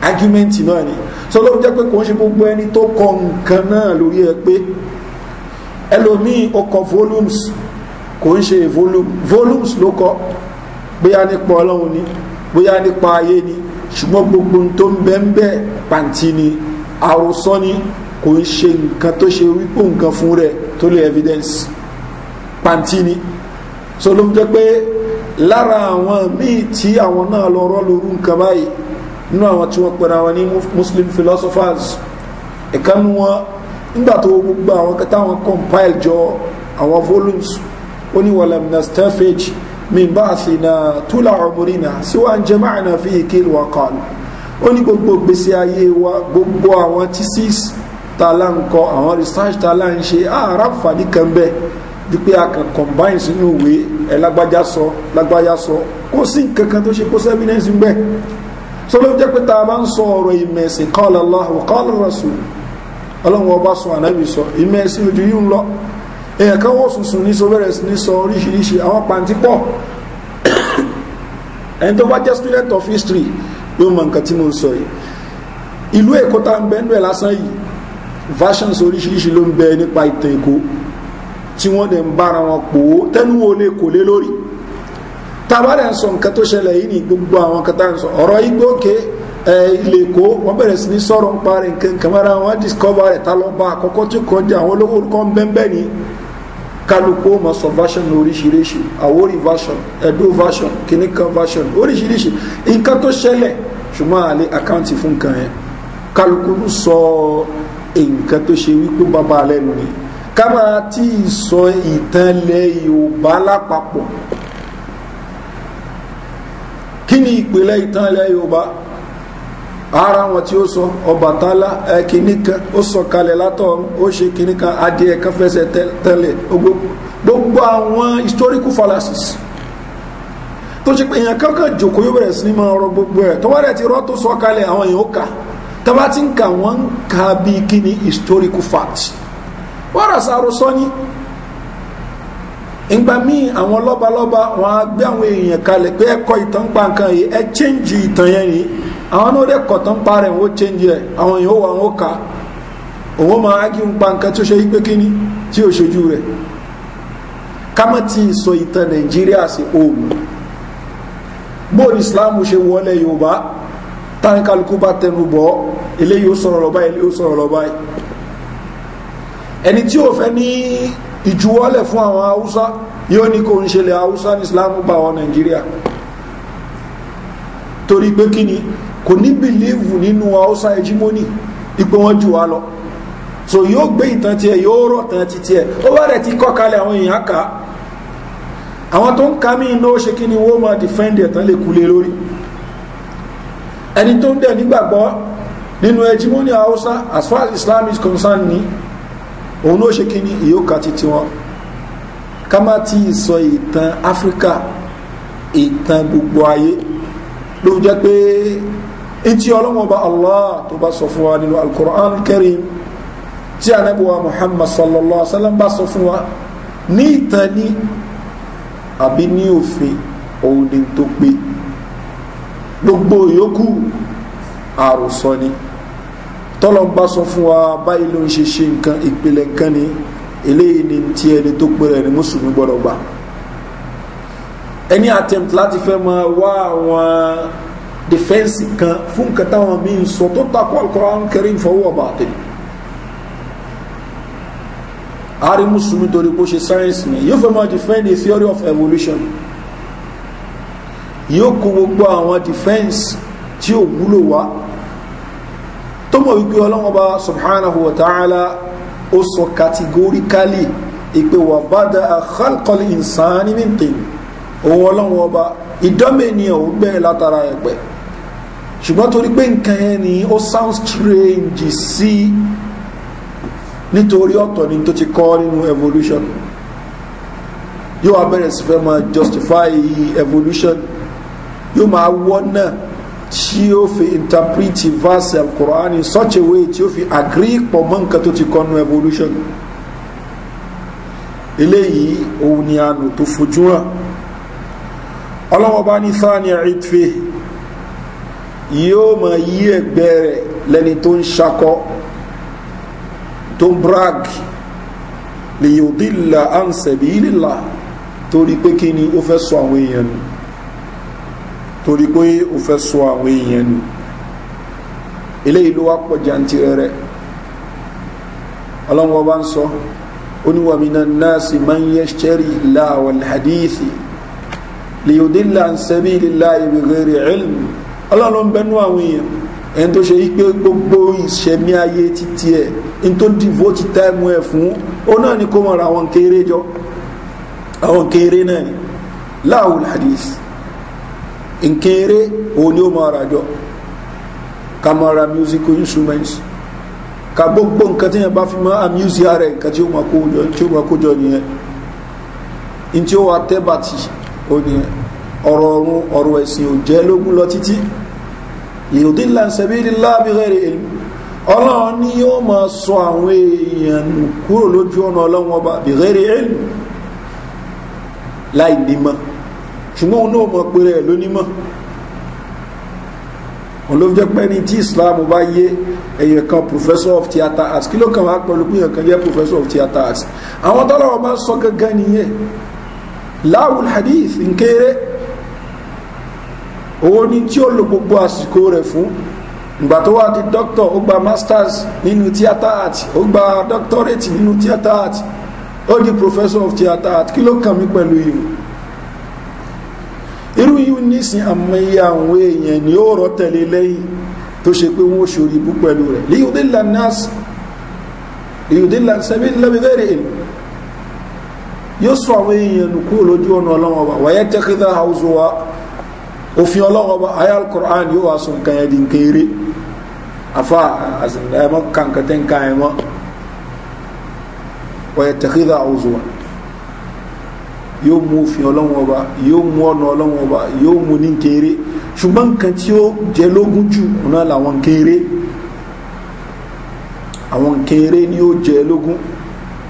Argumenti náà ni so ló jẹ́ pé kò ń ṣe gbogbo ẹni tó kọ nǹkan náà lórí ẹ pé ẹlòmíì ó kọ volumes kò ń ṣe volume volumes ló kọ bóyá nípa ọlọ́run ni bóyá nípa ayé ni ṣùgbọ́n gbogbo tó ń bẹ́ ń bẹ́ pàǹtí ni àròsọ ni kò ń ṣe nǹkan tó ṣe wípé nǹkan fún rẹ̀ tó lè evidence pàǹtí ni so ló ń jẹ́ pé lára àwọn míì tí àwọn náà lọ rọ́ lóru nǹkan báyìí nínú àwọn tí wọ́n pẹ̀rẹ̀ àwọn ní muslim philosophers ìkànnì wọn nígbà tó gbogbo àwọn táwọn compile jọ àwọn volumes ó ní wàlẹ̀ mnastafage min bá àfihàn tula ọmọrìnà síwá ń jẹ máàna fi ìkíl wà kọlù ó ní gbogbo gbèsè ayé wa gbogbo àwọn thesis tààlà ń kọ àwọn research tààlà ń ṣe ààrá fàní kan bẹ́ẹ̀ dípé a kan combine sínú ìwé ẹ̀ lágbájá sọ lágbájá sọ kó sí nǹkan tó ṣe kó sẹ́mínẹ́sì bẹ́ẹ̀ so ló jẹ́ pé ta máa ń sọ ọ̀rọ̀ ìmẹ̀sìn kọ́lá allah wa kọ́lá rasul ọlọ́run ọba sọ ànábì sọ ìmẹ̀sìn ojú yìí ń lọ èèyàn kan wọ́n sùsùn ní sọ́bẹ̀rẹ̀ ní sọ oríṣiríṣi àwọn pàǹtí pọ̀ ẹni tó bá jẹ́ student of history yóò mọ nǹkan tí mo ń sọ yìí ìlú èkó tá ń bẹ nínú lásán yìí versions oríṣiríṣi ló ń bẹ nípa ìtàn èkó tí wọ́n dẹ̀ ń bára wọn pò ó wo lè kò lé lórí tabara ń sọ nǹkan tó ṣẹlẹ̀ yìí ní gbogbo àwọn kan tá à ń sọ ọ̀rọ̀ igbó ke ilé èkó wọ́n bẹ̀rẹ̀ sí ní sọ̀rọ̀ ń parẹ́ nǹkan kàmára wọn discover rẹ̀ ta lọ́ba àkọ́kọ́ tí kọjá àwọn olówó orúkọ ń bẹ́ẹ̀ ní kálukú ma sọ version oríṣiríṣi àwórí version ẹ̀dó version kìnnìkan version oríṣiríṣi nǹkan tó ṣẹlẹ̀ ṣùgbọ́n àlè àkáǹtì fún nǹkan yẹn kálukú sọ nǹkan tó ṣe wípé bàbá alẹ́ nù ni ká máa tí ì sọ ìtàn yorùbá lápapọ̀ ní ìpìlẹ̀ ìtàn ilẹ̀ yorùbá ara wọn tí ó sọ ọbàtálá ẹkìní kan ó sọ kalẹ̀ látọ̀ọ́run ó ṣe kìní kan adìẹ kan fẹsẹ̀ tẹ́lẹ̀ gbogbo àwọn historical fallacies tó ṣe pé èèyàn kankan jòkó yóò bẹ̀rẹ̀ sí ní máa rọ gbogbo ẹ̀ tó wá rẹ̀ ti rọ́ tó sọ kalẹ̀ àwọn èèyàn ó kà tọ́bá tí ń kà wọ́n ń ka bí kí ni historical facts. wọ́n rà sáró sọ ìgbà míì àwọn lọ́balọ́ba wọn á gbé àwọn èèyàn kalẹ̀ pé ẹ̀kọ́ ìtàn pa nǹkan yìí ẹ chẹ́ǹjì ìtàn yẹn ni àwọn náà rẹ̀ kọ̀tàn pa rẹ̀ wọ́n chẹ́ǹjì ẹ̀ àwọn èèyàn wà wọ́n kà òun máa ágí ń pa nǹkan tó ṣe yí pé kíní tí ò ṣojú rẹ̀ ká má ti sọ ìtàn nàìjíríà sí òòlù bóòlù ìsìláàmù ṣe wọlé yorùbá táwọn kálukú bá tẹnu bọ́ eléyìí ó sọ̀rọ̀ lọ́báyìí eléyìí ó sọ̀rọ̀ lọ́báyìí ẹni tí ò fẹ́ ní ìjuwọ́lẹ̀ fún àwọn haúsá yóò ní kò ń ṣẹlẹ̀ haúsá ní islamu bá wọn Nigeria. torí pé kí ni kò ní bìlíìvù nínú haúsá hegemony ipò wọn jù wá lọ so yóò gbé ìtàn tiẹ̀ yóò rọ̀ tàn ti tiẹ̀ ó wá rẹ̀ ti kọ́ kalẹ̀ àwọn èèyàn ká àwọn tó ń ka mí iná ṣe kí ni wọ́n máa defend ẹ̀tàn lè kulé lórí ẹni tó ń dẹ̀ nígbàgbọ́ nínú hegemony haúsá as far as islam is concerned ni òun ló ṣe kí ni ìyókà títí wọn ká má tí sọ ìtàn áfíríkà ìtàn gbogbo ayé ló jẹ́ pé etí ọlọ́wọ́n bá allah tó bá sọ fún wa nínú alukur'an kẹrin tí anabiwa muhammad sallallahu alaihi wa sallam bá sọ fún wa ní ìtàn ní àbí ní òfin òun ni tó pé gbogbo ìyókù àròsọ ni. Ofi, tọ́lọ́gbá sọ fún wa báyìí ló ń ṣe ṣe nǹkan ìpìlẹ̀ nǹkan ni eléyìí ni ti ẹni tó pé ẹni mùsùlùmí gbọ́dọ̀ gbà ẹni attempt láti fẹ́ mọ wá àwọn defense kan fún nǹkan táwọn míì sọ tó takò àkọ́rọ́ àwọn kẹrin fọwọ́ ọba àtẹ̀lẹ́ ari musulmi torí kó ṣe science ni yóò fẹ́ máa defend the theory of evolution yóò kó gbogbo àwọn defense tí ò wúlò wá tó mọ̀ wípé ọlọ́wọ́n bá subhanahu wa ta'ala ó sọ kàtìgóríkálì ìpè wà bàdà àkàlkọ́lì ìsàn ní tèmi òun ọlọ́wọ́n ọba ìdánmẹ́niyàn ò gbẹ́ látara ẹ̀pẹ́ ṣùgbọ́n torí pé nǹkan yẹn ni ó sound strange sí nítorí ọ̀tọ̀ ni tó ti kọ́ nínú evolution yóò wá bẹ̀rẹ̀ sí fẹ́ máa justify evolution yóò máa wọ́n náà tí ó fi interpreti verse of quran in such a way tí ó fi agree pọ̀ mọ́ nǹkan tó ti kọ́nu evolution eléyìí òun ni àánú tó fojú hàn ọlọ́wọ́ bá ní sáàni àìtfẹ́ yóò mọ̀ yí ẹgbẹ́ rẹ̀ lẹ́ni tó ń ṣakọ́ tó ń brag lè yóò ansẹ̀bí lílà torí pé kí ni ó fẹ́ sọ àwọn èèyàn nù torí pé o fẹ́ sọ àwọn èèyàn nù eléyìí ló wá pọ̀ jantirẹ rẹ ọlọ́wọ́ bá ń sọ oníwàmínà náà sì máa ń yẹ ṣẹ́rì láwọn hadithi lèyòdìlà ń sẹ́bí ìlà ìbẹ̀rẹ̀ ẹ̀lmù ọlọ́run bẹnu àwọn èèyàn ẹni tó ṣe wípé gbogbo ìṣẹ̀mí ayé títí ẹ̀ in tó dìbò ti táìmù ẹ̀ fún ó náà ni kó mọ̀ra àwọn kéré jọ àwọn kéré náà ni láwọn hadith nǹkan eré òun ni ó máa rà musical instruments ká gbogbo nǹkan tí yẹn bá fi máa amuse ara ẹ̀ nǹkan tí ó máa kó jọ tí ó máa kó jọ nìyẹn ní tí ó wà tẹ́bàtì ó nìyẹn ọ̀rọ̀ ọ̀run ọ̀rọ̀ ẹ̀sìn ò jẹ́ lógún lọ títí ìròdínlá ń sẹ́bí láàbí rẹ̀ èlú ọlọ́run ní yóò máa sọ àwọn èèyàn kúrò lójú ọ̀nà ọlọ́run ọba bìrẹ́rẹ́ èlú láì nímọ̀ ṣùgbọ́n òun náà mọ̀ pé rẹ̀ lónímọ̀ òun ló jẹ́ pé ní tí islam bá yé èèyàn kan professor of theatre arts kí ló kàn wá pẹ̀lú pé èèyàn kan jẹ́ professor of theatre arts àwọn tọ́lọ́wọ́ bá sọ gangan nìyẹn láwùl hadith nkéré òun ni tí ó lo gbogbo àsìkò rẹ̀ fún ìgbà tó wà di doctor ó gba masters nínú theatre art ó gba doctorate nínú theatre art ó di professor of theatre art kí ló kàn mí pẹ̀lú ìrù irú yìí nísìn àmọ́yé àwọn èèyàn ni ó rọ́ tẹ̀lé lẹ́yìn tó ṣe pé wọ́n ṣòro ibú pẹ̀lú rẹ̀ liyudilla nas liyudilla sẹ́mi lẹ́bẹ̀rẹ̀ ìlú yóò sọ àwọn èèyàn nù kúrò lójú ọ̀nà ọlọ́wọ́ ọba wàyẹ́ tẹ́kídá hausa wa òfin ọlọ́wọ́ ọba ayé yóò mú òfin ọlọ́wọ́n ọba yóò mú ọ̀nà ọlọ́wọ́n ọba yóò mú ní kéré ṣùgbọ́n nǹkan tí ó jẹ lógún jù náà làwọn kéré àwọn kéré ni ó jẹ lógún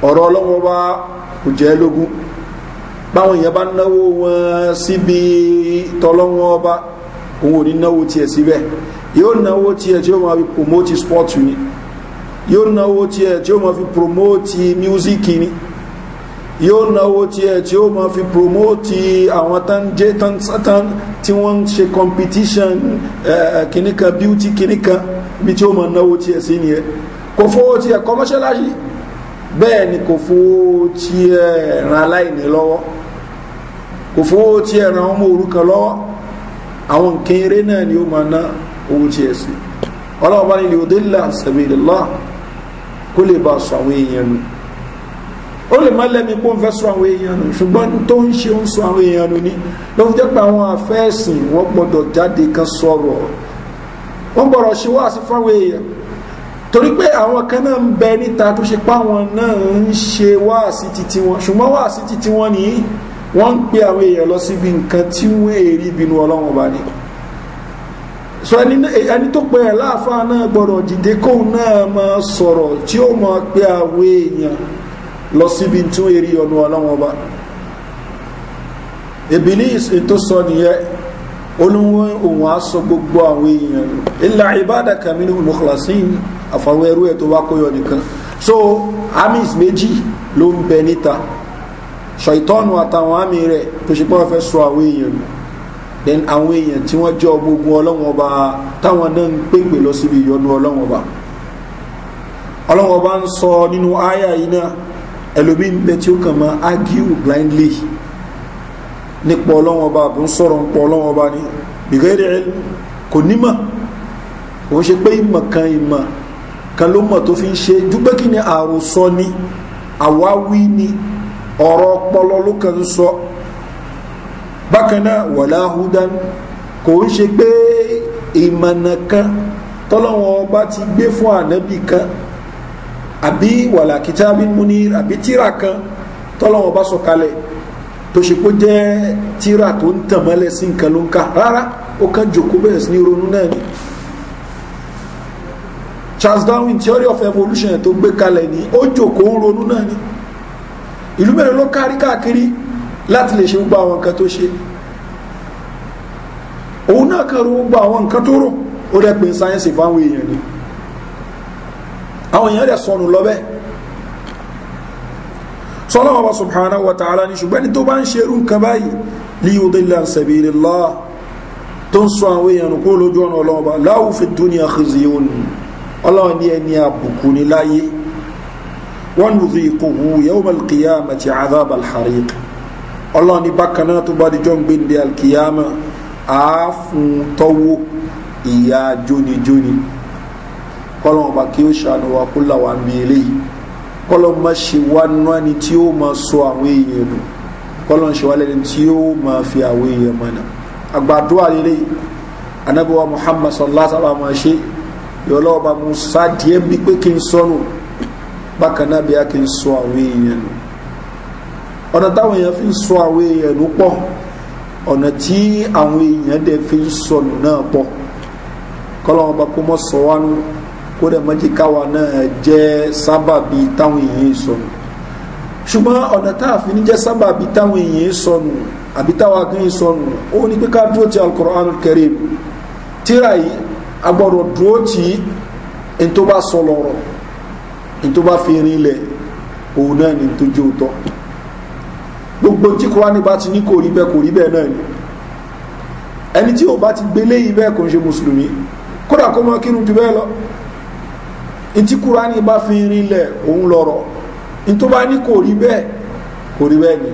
ọ̀rọ̀ ọlọ́wọ́n ọba kò jẹ lógún báwọn èèyàn bá náwó wọn síbi tọlọ́wọ́n ọba òun ò ní náwó tiẹ̀ síbẹ̀ yóò náwó tiẹ̀ tí ó máa fi promote sport ni yóò náwó tiẹ̀ tí ó máa fi promote music ni yóò náwó tiẹ̀ tí ó ma fi promote àwọn tán jẹ́ tán sátán tí wọ́n ń ṣe competition uh, kìnníkan beauty kìnníkan bí tí ó ma náwó tiẹ̀ sí ni ẹ kò fowó tiẹ̀ kọmọ́ṣẹ́láṣí bẹ́ẹ̀ ni kò fowó tiẹ̀ ran aláìní lọ́wọ́ kò fowó tiẹ̀ ran ọmọ òrukàn lọ́wọ́ àwọn nǹkan náà ni ó ma ná owó tiẹ̀ sí ọlọ́ọ̀bá ni lè ó dé là sàbẹ̀lẹ̀ lọ́à kó lè bá sọ àwọn èèyàn nù ó lè má lẹ́mi kó ń fẹ́ sọ àwọn èèyàn nù ṣùgbọ́n tó ń ṣe ń sọ àwọn èèyàn nù ní ló fi jẹ́ pé àwọn afẹ́ẹ̀sìn wọ́n gbọ́dọ̀ jáde kan sọ̀rọ̀ wọ́n gbọ́dọ̀ ṣe wá sí fáwọn èèyàn torí pé àwọn kan náà ń bẹ níta tó ṣe páwọn náà ń ṣe wá sí titi wọn ṣùgbọ́n wá sí titi wọn nìyí wọ́n ń pe àwọn èèyàn lọ síbi nǹkan tí wọ́n èrí ìbínú ọlọ́wọ́n bá ní so ẹni tó pe ẹ̀ láàfáà náà gbọ́dọ̀ dìde kóun náà máa sọ̀rọ̀ tí ó máa pe àwọn èèyàn lọ eri tí ó rí ọ̀nà ọlọ́wọ́n ọba ibilis ètò sọ nìyẹn olówó òun á sọ gbogbo àwọn èèyàn ilà ìbádà kàmínú mọ̀kànlásìn àfàwọn ẹrú ẹ̀ tó wá kóyọ nìkan so amis méjì ló ń bẹ níta ṣàìtọ́nù àtàwọn àmì rẹ̀ tó ṣe pọ́n fẹ́ sọ àwọn èèyàn then àwọn èèyàn tí wọ́n jẹ́ ọgbogbo ọlọ́wọ́n ọba táwọn náà ń pèpè lọ síbi ìyọnu ọlọ́wọ́n ọba ọlọ́wọ́n ọba ń sọ nínú áyà yìí náà ẹlòmí ń bẹ tí ó kàn máa argue blindly nípa ọlọ́wọ́n bá bó ń sọ̀rọ̀ nípa ọlọ́wọ́n bá ní bìgẹ́rẹ́ ẹ̀ kò nímọ̀ òun ṣe pé ìmọ̀ kan ìmọ̀ kan ló mọ̀ tó fi ń ṣe dúpẹ́ kí ni àròsọ ni àwáwí ni ọ̀rọ̀ ọpọlọ ló kàn ń sọ bákan náà wàlá húdán kò ń ṣe pé ìmọ̀nà kan tọ́lọ́wọ́n ọba ti gbé fún ànábì kan àbí wàlà kitabin munir àbí tíra kan tọ́lọ́wọ́n bá sọ̀kalẹ̀ tó ṣe kó jẹ́ tíra tó ń tàn mọ́lẹ̀ sí nǹkan ló ń ka rárá ó kàn jòkó bẹ̀rẹ̀ sí ní ronú náà ni Charles Darwin theory of evolution tó gbé kalẹ̀ ni ó jòkó ń ronú náà ni ìlú mẹ́rin ló kárí káàkiri láti lè ṣe gbogbo àwọn nǹkan tó ṣe òun náà kan ro gbogbo àwọn nǹkan tó rò ó dẹ̀ pé sáyẹ́nsì fáwọn èèyàn ni àwọn èèyàn rẹ̀ sọnù lọ bẹ́ẹ̀ sọ́nà ọba subhanahu wa ta'ala ni ṣùgbọ́n ni tó bá ń ṣe irú nǹkan báyìí li yudilla sabilillah tó ń sọ àwọn èèyàn kó lójú ọ̀nà ọlọ́run ọba lahu fi dunya khizyun ọlọ́run ní ẹni àbùkù ní láyé wa nudhiquhu yawma al-qiyamati adhab al-hariq ọlọ́run ní bákan náà tó bá di jọ́ ń gbé ní alkiyama àáfún tọ́wọ́ ìyá jónijóni. Joni kọ́lọ́n ọba kí ó ṣàánú wa kó làwọn àmì eléyìí kọ́lọ́n má ṣe wá nú ẹni tí ó máa sọ àwọn èèyàn nù kọ́lọ́n ṣe wá lẹ́ni tí ó máa fi àwọn èèyàn mọ̀nà àgbàdo àlélẹ́ anábíwá muhammad sallallahu alaihi wa ṣe yọlọ́ ọba musa díẹ̀ bí pé kí n sọnù bákan náà bí a kì í sọ àwọn èèyàn nù ọ̀nà táwọn èèyàn fi ń sọ àwọn èèyàn nù pọ̀ ọ̀nà tí àwọn èèyàn dẹ̀ fi ń sọnù náà pọ̀ kọ́lọ́n kó mọ́ sọ wá nù kó dẹ̀ mọ́jì káwa náà jẹ́ sábàbí táwọn èèyàn sọnù ṣùgbọ́n ọ̀nà tá a fi ní jẹ́ sábàbí táwọn èèyàn sọnù àbí táwa gan sọnù ó ní pé ká dúró ti alukoran kẹrìm tíra yìí agbọ́dọ̀ dúró ti n tó bá sọ lọ́rọ̀ òun náà ni tó jẹ́ òótọ́ gbogbo tí kò wá nípa ti ní kò rí bẹ́ẹ̀ kò náà ni ẹni tí ò bá ti gbélé yìí bẹ́ẹ̀ kò ń ṣe mùsùlùmí kódà kó mọ́ kírun ju bẹ́ẹ̀ lọ ntí kúránì bá fi rinlẹ̀ òun lọ̀rọ̀ ntó bá kò rí kò rí ni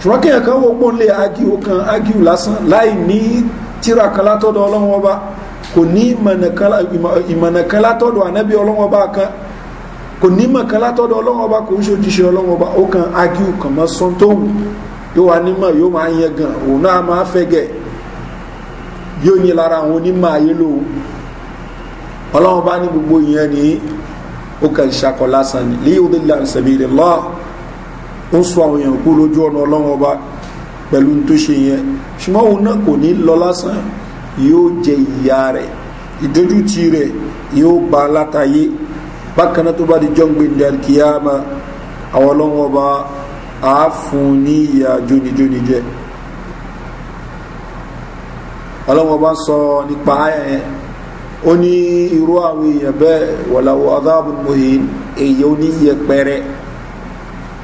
ṣùgbọ́n kéèyàn kan wo gbónlé agiu kan agiu lásán láì ní tíra kan ọlọ́wọ́n ọba kò ní ìmọ̀nà kan ànábì ọlọ́wọ́n ọba kan kò ní mọ̀ kan ọlọ́wọ́n ọba kò ń ṣojúṣe ọlọ́wọ́n ọba ó kan kan mọ́ sọ́n tó wù yóò wá nímọ̀ yóò máa yẹ gan òun náà máa ọlọ́run bá ní gbogbo ìyẹn ní ó kà ìṣàkọ lásán ní lè yóò délé àṣẹbí rẹ lọ́ọ̀ ó sọ àwọn èèyàn kú lójú ọ̀nà ọlọ́run ọba pẹ̀lú tó ṣe yẹn ṣùgbọ́n òun náà kò ní lọ lásán yóò jẹ ìyá rẹ̀ ìdójútì rẹ̀ yóò bá látàyé bákan náà tó bá di jọ́ngbé ní alkiyama àwọn ọlọ́run ọba àáfún ní ìyá jónijóni jẹ́ ọlọ́run ọba sọ nípa ayẹyẹ ó ní irú àwọn èèyàn bẹ́ẹ̀ wàláwọ̀ adáàbò mohin èyí ó ní yẹpẹrẹ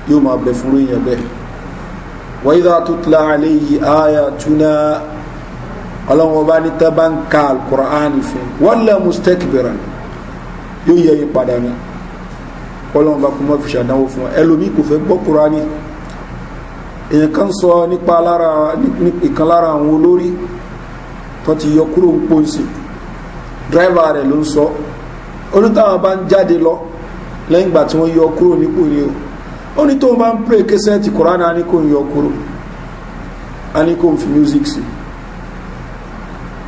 yóò máa bẹ fún èèyàn bẹ́ẹ̀ wàyídà tó tila àlẹ́ yìí àyà túná ọlọ́wọ́n bá ní tẹ́ bá ń ka alukur'an fún wọ́n lẹ́ mustaki bẹ̀rẹ̀ yóò yẹ yín padà ní ọlọ́wọ́n bá kú mọ́ fi ṣàdánwò fún ẹ ẹlòmíì kò fẹ́ gbọ́ kur'ani èèyàn kan sọ nípa lára ìkan lára àwọn olórí tó ti yọ kúrò ń pọ́nsìn dírẹ́fà rẹ̀ ló ń sọ onítàwọn bá ń jáde lọ lẹ́yìn ìgbà tí wọ́n yọ kúrò nípò ni o ó ní tóun bá ń pè kẹsẹ́ ti kọ́ránà á ní kò ń yọ kúrò á ní ń fi music sí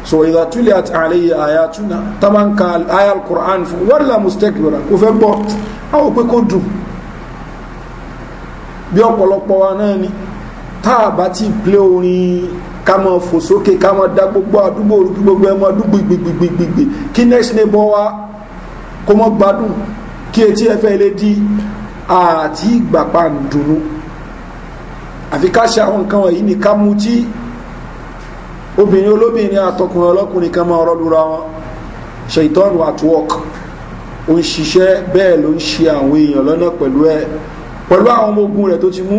so ìdá túlẹ̀ àti àlẹ́yẹ àyà túnà tábà ń ka àyà alukur'an fún wọ́n là mustaki rẹ̀ kò fẹ́ gbọ́ àwọn òpin kò dùn bí ọ̀pọ̀lọpọ̀ wa náà ni tá a ti plé orin Kama mọ fò sókè ká mọ dá gbogbo àdúgbò orúkú gbogbo ẹmọ àdúgbò gbìgbìgbìgbì kí next neighbor wa kó mọ gbádùn kí etí ẹ fẹ́ lé di àti ìgbàpá ń dunnú àfi ká ṣe àwọn nǹkan wọ̀nyí ní ká mú tí obìnrin olóbìnrin àtọkùnrin ọlọ́kùnrin kan máa rọ́dúnra wọn ṣèitọ́nù at work ó ń ṣiṣẹ́ bẹ́ẹ̀ ló ń ṣe àwọn èèyàn lọ́nà pẹ̀lú ẹ pẹ̀lú àwọn ọmọ ogun rẹ̀ tó ti mú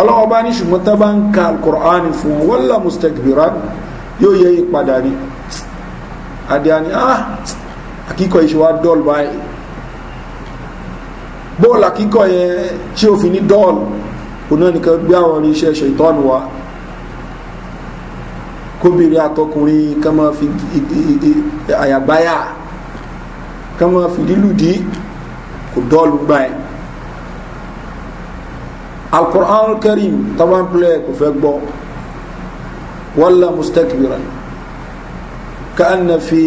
ọlọ́wọ́ bá ní ṣùgbọ́n tá bá ń ka alukur'ani fún wọn wọ́lá mustakbira yóò yẹ ìpadà ni adìyàní ah akíkọ̀ yìí ṣe wá dọ́ọ̀lù báyìí bóòlù akíkọ̀ yẹn tí ó fi ní dọ́ọ̀lù oná nìkan gbé àwọn oníṣẹ́ ṣe ìtọ́nu wa kóbìnrin àtọkùnrin kan máa fi àyàgbáyà kan máa fìdí lùdí kò dọ́ọ̀lù gbà alukur'an karim taban pilẹ̀ kò fẹ́ gbọ́ wala mustakbira ka an na fi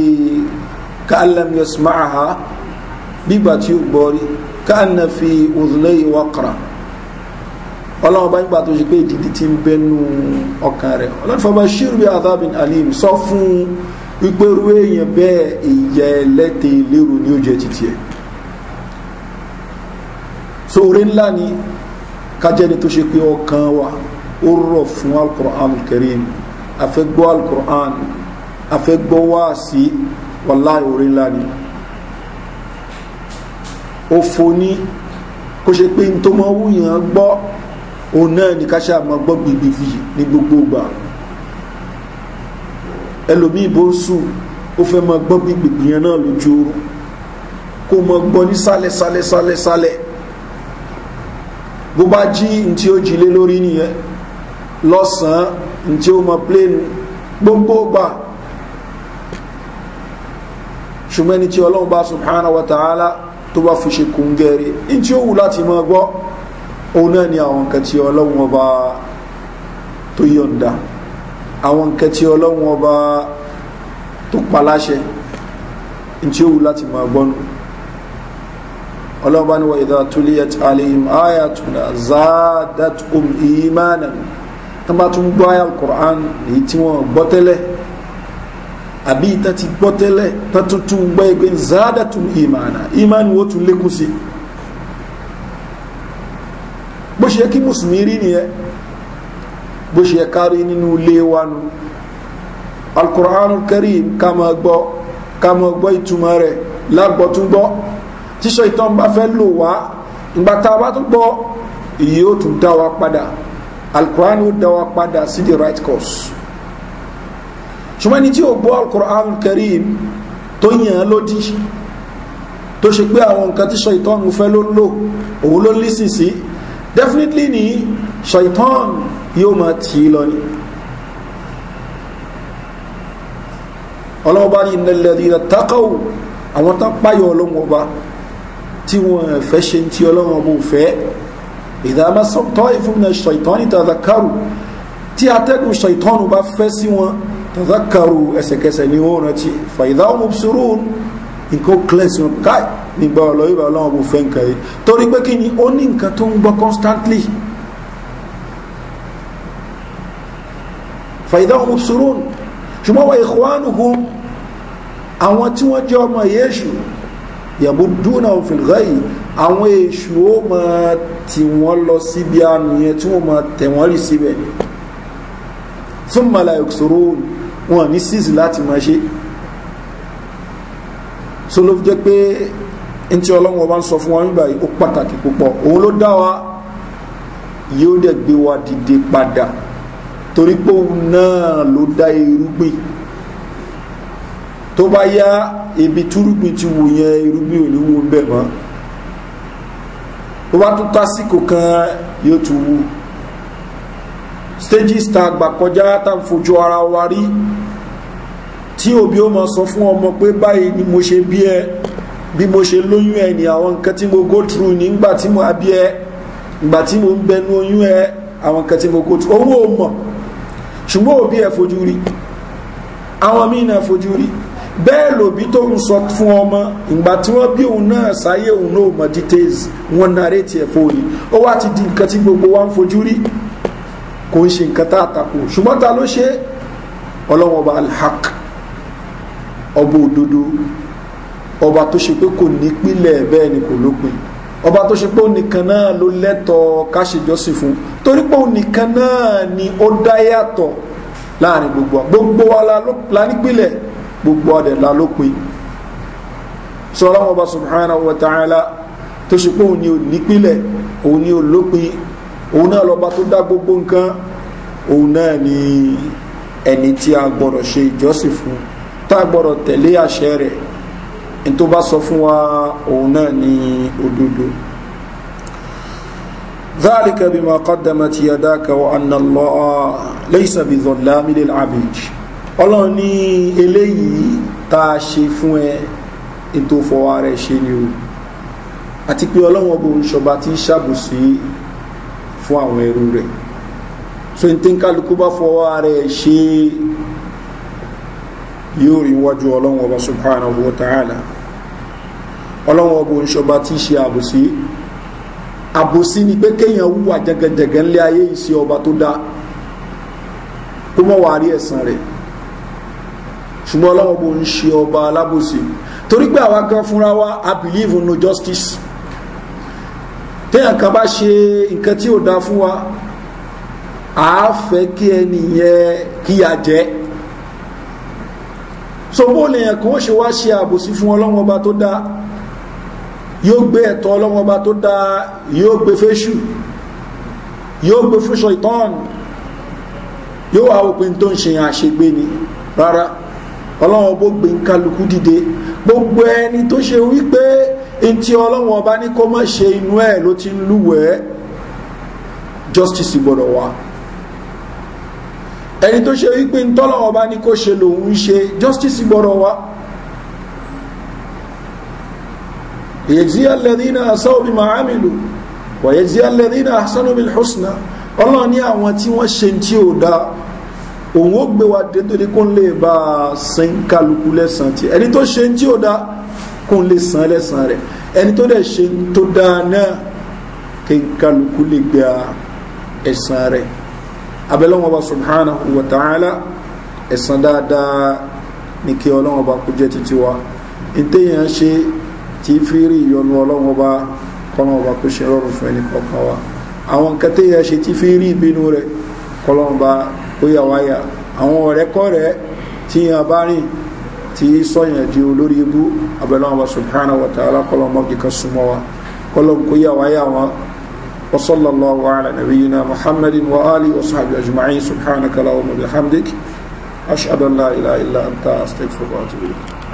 ka an lam yasmaha bíbà tí ó gbọ́rí ka an na fi udhunay waqra ọlọ́run bá ń gbà tó ṣe pé ìdìdì ti ń bẹnu ọkàn rẹ̀ ọlọ́run fọba ṣírù bí adhabin alim sọ fún wípérú èèyàn bẹ́ẹ̀ ìyẹ ẹlẹ́tẹ̀ẹ́ lérò ní ó jẹ́ títí ẹ̀ so kájẹ́ni tó ṣe pé ọkàn wa ó rọ̀ fún alukur'an kẹrin afẹ́gbọ́ alukur'an afẹ́gbọ́ wáàsí wàláì orí ńlá ni ó foni kó ṣe pé ní tó mọ́ wúyàn gbọ́ òun náà ní ká ṣáà máa gbọ́ gbìgbìgbì ní gbogbo ìgbà ẹlòmíì bó ń sùn ó fẹ́ máa gbọ́ gbìgbìgbì yẹn náà lójú kó máa gbọ́ ní sálẹ̀ sálẹ̀ sálẹ̀ sálẹ̀ bó bá jí n tí ó jílé lórí nìyẹn lọ́sàn-án n tí ó mọ plénu gbogbo gbà ṣùgbọ́n tí ọlọ́run bá subhanahu wa ta'ala tó bá fi ṣe kòǹgẹ́rẹ́ n tí ó wù láti mọ gbọ́ òun náà ni àwọn nǹkan tí ọlọ́run ọba tó yọ̀ǹda àwọn nǹkan tí ọlọ́run ọba tó paláṣẹ n tí ó wù láti mọ gbọ́nu ọlọ́ba ni wọ́n ìdá tuliyat alayhim ayatuna zadat um imanan tó bá tún gbọ́ ayal quran èyí tí wọ́n gbọ́ tẹ́lẹ̀ àbí ìtàn ti gbọ́ tẹ́lẹ̀ tó tún tún gbọ́ ẹgbẹ́ zadat um imana imani wo tún lékún sí bó ṣe kí mùsùlùmí rí nìyẹn bó ṣe kárí nínú ilé wa nu alquran karim ká gbọ́ ká gbọ́ ìtumọ̀ rẹ̀ lágbọ́tún gbọ́ tíṣọ ìtàn bá fẹ́ lò wá ìgbà tá a bá tún gbọ́ ìyí ó tún dá wa padà alukur'an ó dá wa padà sí the right course ṣùgbọ́n ní tí ó gbọ́ alukur'an kẹrin tó yàn án lódì tó ṣe pé àwọn nǹkan tí ṣaitan fẹ́ ló lò òun ló lísìn sí definitely ni ṣaitan yóò máa tì í lọ ni ọlọ́wọ́ bá ní ilẹ̀ ìlẹ̀ àwọn tán páyọ̀ ọlọ́wọ́ tí wọ́n fẹ́ ṣe tí ọlọ́run ọmọ òfẹ́ ìdámá tọ́ ìfúnná ṣàìtọ́ni tàzákàrù tí atẹ́gùn ṣàìtọ́nù bá fẹ́ sí wọn tàzákàrù ẹsẹ̀kẹsẹ̀ ni wọ́n rántí fàìdá ọmọ òṣèrò nǹkan cleanse wọn káì nígbà ọlọ́run ọlọ́run ọmọ òfẹ́ nǹkan yìí torí pé kí ni ó ní nǹkan tó ń gbọ́ constantly fàìdá ọmọ òṣèrò ṣùgbọ́n wà ìkọ́wánugun àwọn tí wọ́n jẹ́ ọmọ yéṣù yàmúdúnà òfìlgáyì àwọn èṣù ó mọ tí wọ́n lọ síbi àníyàn tí wọ́n mọ tẹ̀wọ́n rí síbẹ̀ fún mọ̀lá ìṣòro wọn ní sísì láti máa ṣe so ló fi jẹ́ pé n tí ọlọ́run ọba ń sọ fún wa nígbà yìí ó pàtàkì púpọ̀ òun ló dá wa yóò dẹ̀ gbé wa dìde padà torí pé òun náà ló dá irúgbìn tó bá yá ibi túrúgbìn ti wù yẹn irúgbìn ò ní wù ń bẹ̀ mọ́ tó bá tún tásìkò kan yóò tún wù stages ta gbà kọjá tá fojú ara wa rí tí òbí ó ma sọ fún ọmọ pé báyìí ni mo ṣe bí ẹ bí mo ṣe lóyún ẹ ní àwọn nǹkan tí mo go through nígbà tí mo abí ẹ ìgbà tí mo ń bẹnu oyún ẹ àwọn nǹkan tí mo go through owó ò mọ̀ ṣùgbọ́n òbí ẹ fojú rí àwọn míì náà fojú rí bẹ́ẹ̀ lòbí tó ń sọ fún ọmọ ìgbà tí wọ́n bí òun náà sáyé òun náà mọ̀ details wọn nàárẹ̀ tiẹ̀ fòrí ó wá ti di nǹkan tí gbogbo wa ń fojú rí kò ń ṣe nǹkan tá a tako ṣùgbọ́n ta ló ṣe ọlọ́wọ́n ọba alhaq ọba òdodo ọba tó ṣe pé kò ní pílẹ̀ bẹ́ẹ̀ ni kò lópin ọba tó ṣe pé òun nìkan náà ló lẹ́tọ̀ọ́ ká ṣèjọ́sìn fún torí pé òun nìkan náà ni ó dá yàtọ̀ láàrin gbogbo wa gbogbo wa la nípìnlẹ̀ gbogbo adẹ̀lá lópin sọ́lọ́wọ́ bá subhanahu wa ta'ala tó ṣe pé òun ni ò nípìlẹ̀ òun ni ò lópin òun náà lọ́ba tó dá gbogbo nǹkan òun náà ni ẹni tí a gbọ́dọ̀ ṣe ìjọsìn fún tá a gbọ́dọ̀ tẹ̀lé àṣẹ rẹ̀ ní tó bá sọ fún wa òun náà ni òdodo ذلك بما قدمت يداك وأن الله ليس بظلام للعبيد ọlọ́run ní eléyìí tá a ṣe fún ẹ ètò fọwọ́ rẹ̀ ṣe ni o àti pé ọlọ́run ọgbọ̀n ìṣọba ti ṣàbòsí fún àwọn ẹrú rẹ̀ so n tí ń kálukú bá fọwọ́ rẹ̀ ṣe yóò rí wájú ọlọ́run ọba subhanahu wa ta'ala ọlọ́run ọgbọ̀n ìṣọba ti ṣe àbòsí àbòsí ni pé kéèyàn wúwà jẹgẹjẹgẹ ńlẹ ayé ìṣe ọba tó dáa kó mọ̀ wá rí ẹ̀sán rẹ̀ ṣùgbọ́n ọlọ́wọ́ bó ń ṣe ọba alábòsí torí pé àwa gan fúnra wa i believe in no justice téèyàn kan bá ṣe nǹkan tí ò dáa fún wa à á fẹ́ kí ẹni yẹn kíyà jẹ́ so bó lèèyàn kan ó ṣe wá ṣe àbòsí fún ọlọ́wọ́ ọba tó dáa yóò gbé ẹ̀tọ́ ọlọ́wọ́ ọba tó dáa yóò gbé fẹ́ṣù yóò gbé fúnṣọ ìtọ́ọ̀nù yóò wá òpin tó ń ṣe àṣegbé ni rárá ọlọ́wọ́n bó gbé kálukú dìde gbogbo ẹni tó ṣe wípé ntí ọlọ́wọ́n ọba ní kó mọ́ ṣe inú ẹ̀ ló ti ń lúwẹ̀ẹ́ justice gbọ́dọ̀ wá ẹni tó ṣe wípé ntọ́lọ́wọ́n ọba ní kó ṣe lòun ń ṣe justice gbọ́dọ̀ wá. yẹ̀jì alẹ́dínà asáwọ́bí màámìlú wọ̀yẹ̀jì alẹ́dínà asánúbí husna ọlọ́ọ̀ ní àwọn tí wọ́n ṣe tí ò dáa òun ó gbé wa dé torí kó ń lè bá a sin kálukú lẹ́sàn tí ẹni tó ṣe tí ó dá kó ń lè san lẹ́sàn rẹ̀ ẹni tó dẹ̀ ṣe tó dá náà kí kálukú lè gba ẹ̀sàn rẹ̀ abẹ́lẹ́wọ̀n ọba subhanahu wa ta'ala ẹ̀sàn dáadáa ní kí ọlọ́wọ̀n ọba kó jẹ́ títí wa ìtẹ̀yàn ṣe tí fi rí ìyọnu ọlọ́wọ̀n ọba kọ́nà ọba kó ṣe rọrùn fún ẹnì kọ̀ọ̀kan wa àwọn kẹtẹ́yàn ṣe tí fi rí ìbínú rẹ̀ kọ́lọ́wọ̀n ọba ó yà wáyà àwọn ọ̀rẹ́kọ̀rẹ́ tí yàn bá rìn tí sọ̀yàn di olórí ibú abẹ́lẹ́wọ̀n wa subhanahu wa ta'ala kọ́lọ́ mọ́gì kan súnmọ́ wa kọ́lọ́ kó yà wáyà wọn وصلى الله على نبينا محمد وآله وصحبه أجمعين سبحانك اللهم وبحمدك أشهد أن لا إله إلا أنت أستغفرك وأتوب إليك